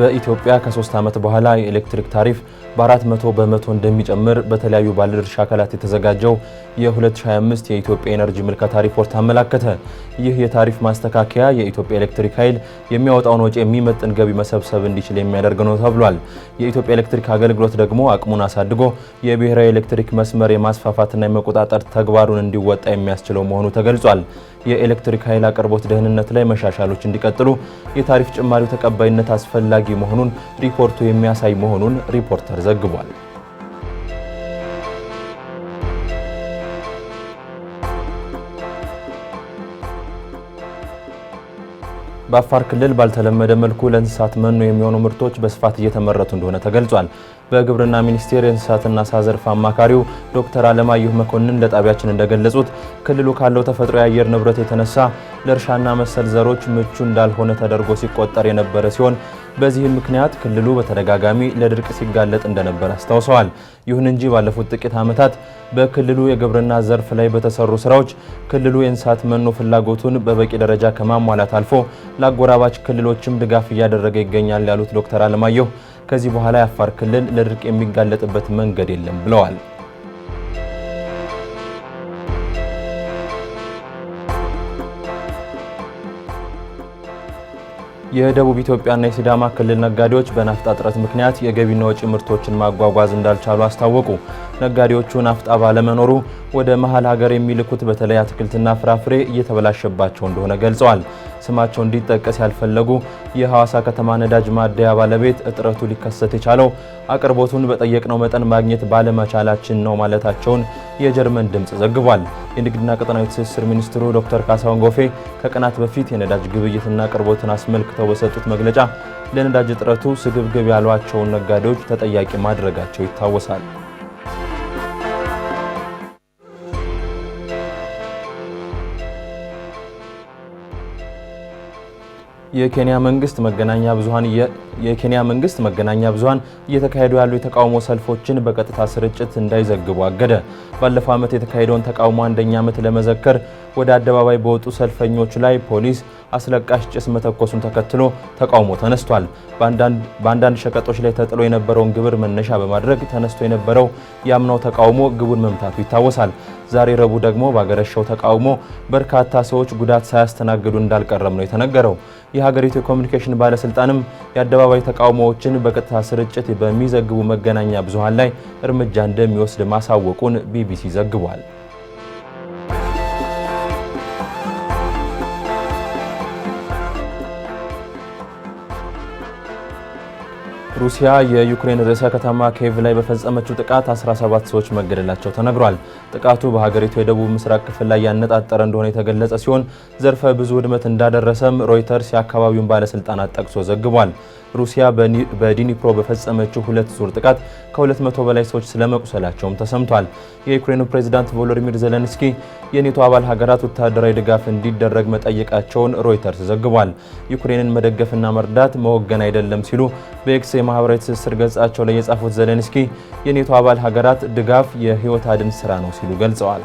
በኢትዮጵያ ከሶስት ዓመት በኋላ የኤሌክትሪክ ታሪፍ በ400 በመቶ እንደሚጨምር በተለያዩ ባለድርሻ አካላት የተዘጋጀው የ2025 የኢትዮጵያ ኤነርጂ ምልከታ ሪፖርት አመላከተ። ይህ የታሪፍ ማስተካከያ የኢትዮጵያ ኤሌክትሪክ ኃይል የሚያወጣውን ወጪ የሚመጥን ገቢ መሰብሰብ እንዲችል የሚያደርግ ነው ተብሏል። የኢትዮጵያ ኤሌክትሪክ አገልግሎት ደግሞ አቅሙን አሳድጎ የብሔራዊ ኤሌክትሪክ መስመር የማስፋፋትና የመቆጣጠር ተግባሩን እንዲወጣ የሚያስችለው መሆኑ ተገልጿል። የኤሌክትሪክ ኃይል አቅርቦት ደህንነት ላይ መሻሻሎች እንዲቀጥሉ የታሪፍ ጭማሪው ተቀባይነት አስፈላጊ መሆኑን ሪፖርቱ የሚያሳይ መሆኑን ሪፖርተር ዘግቧል። በአፋር ክልል ባልተለመደ መልኩ ለእንስሳት መኖ የሚሆኑ ምርቶች በስፋት እየተመረቱ እንደሆነ ተገልጿል። በግብርና ሚኒስቴር የእንስሳትና ዓሳ ዘርፍ አማካሪው ዶክተር አለማየሁ መኮንን ለጣቢያችን እንደገለጹት ክልሉ ካለው ተፈጥሮ የአየር ንብረት የተነሳ ለእርሻና መሰል ዘሮች ምቹ እንዳልሆነ ተደርጎ ሲቆጠር የነበረ ሲሆን በዚህም ምክንያት ክልሉ በተደጋጋሚ ለድርቅ ሲጋለጥ እንደነበር አስታውሰዋል። ይሁን እንጂ ባለፉት ጥቂት ዓመታት በክልሉ የግብርና ዘርፍ ላይ በተሰሩ ስራዎች ክልሉ የእንስሳት መኖ ፍላጎቱን በበቂ ደረጃ ከማሟላት አልፎ ለአጎራባች ክልሎችም ድጋፍ እያደረገ ይገኛል ያሉት ዶክተር አለማየሁ ከዚህ በኋላ የአፋር ክልል ለድርቅ የሚጋለጥበት መንገድ የለም ብለዋል። የደቡብ ኢትዮጵያና የሲዳማ ክልል ነጋዴዎች በናፍጣ እጥረት ምክንያት የገቢና ወጪ ምርቶችን ማጓጓዝ እንዳልቻሉ አስታወቁ። ነጋዴዎቹ ናፍጣ ባለመኖሩ ወደ መሀል ሀገር የሚልኩት በተለይ አትክልትና ፍራፍሬ እየተበላሸባቸው እንደሆነ ገልጸዋል። ስማቸው እንዲጠቀስ ያልፈለጉ የሐዋሳ ከተማ ነዳጅ ማደያ ባለቤት እጥረቱ ሊከሰት የቻለው አቅርቦቱን በጠየቅነው መጠን ማግኘት ባለመቻላችን ነው ማለታቸውን የጀርመን ድምፅ ዘግቧል። የንግድና ቀጠናዊ ትስስር ሚኒስትሩ ዶክተር ካሳሁን ጎፌ ከቀናት በፊት የነዳጅ ግብይትና አቅርቦትን አስመልክተው በሰጡት መግለጫ ለነዳጅ እጥረቱ ስግብግብ ያሏቸውን ነጋዴዎች ተጠያቂ ማድረጋቸው ይታወሳል። የኬንያ መንግስት መገናኛ ብዙሃን የኬንያ መንግስት መገናኛ ብዙሃን እየተካሄዱ ያሉ የተቃውሞ ሰልፎችን በቀጥታ ስርጭት እንዳይዘግቡ አገደ። ባለፈው ዓመት የተካሄደውን ተቃውሞ አንደኛ ዓመት ለመዘከር ወደ አደባባይ በወጡ ሰልፈኞች ላይ ፖሊስ አስለቃሽ ጭስ መተኮሱን ተከትሎ ተቃውሞ ተነስቷል። በአንዳንድ ሸቀጦች ላይ ተጥሎ የነበረውን ግብር መነሻ በማድረግ ተነስቶ የነበረው የአምናው ተቃውሞ ግቡን መምታቱ ይታወሳል። ዛሬ ረቡዕ ደግሞ ባገረሸው ተቃውሞ በርካታ ሰዎች ጉዳት ሳያስተናግዱ እንዳልቀረም ነው የተነገረው። የሀገሪቱ የኮሚኒኬሽን ባለስልጣንም የአደባባይ ተቃውሞዎችን በቀጥታ ስርጭት በሚዘግቡ መገናኛ ብዙሃን ላይ እርምጃ እንደሚወስድ ማሳወቁን ቢቢሲ ዘግቧል። ሩሲያ የዩክሬን ርዕሰ ከተማ ኬቭ ላይ በፈጸመችው ጥቃት 17 ሰዎች መገደላቸው ተነግሯል። ጥቃቱ በሀገሪቱ የደቡብ ምስራቅ ክፍል ላይ ያነጣጠረ እንደሆነ የተገለጸ ሲሆን ዘርፈ ብዙ ውድመት እንዳደረሰም ሮይተርስ የአካባቢውን ባለስልጣናት ጠቅሶ ዘግቧል። ሩሲያ በዲኒፕሮ በፈጸመችው ሁለት ዙር ጥቃት ከ200 በላይ ሰዎች ስለመቁሰላቸውም ተሰምቷል። የዩክሬኑ ፕሬዝዳንት ቮሎዲሚር ዘለንስኪ የኔቶ አባል ሀገራት ወታደራዊ ድጋፍ እንዲደረግ መጠየቃቸውን ሮይተርስ ዘግቧል። ዩክሬንን መደገፍና መርዳት መወገን አይደለም ሲሉ በኤክስ የማህበራዊ ትስስር ገጻቸው ላይ የጻፉት ዜሌንስኪ የኔቶ አባል ሀገራት ድጋፍ የህይወት አድን ስራ ነው ሲሉ ገልጸዋል።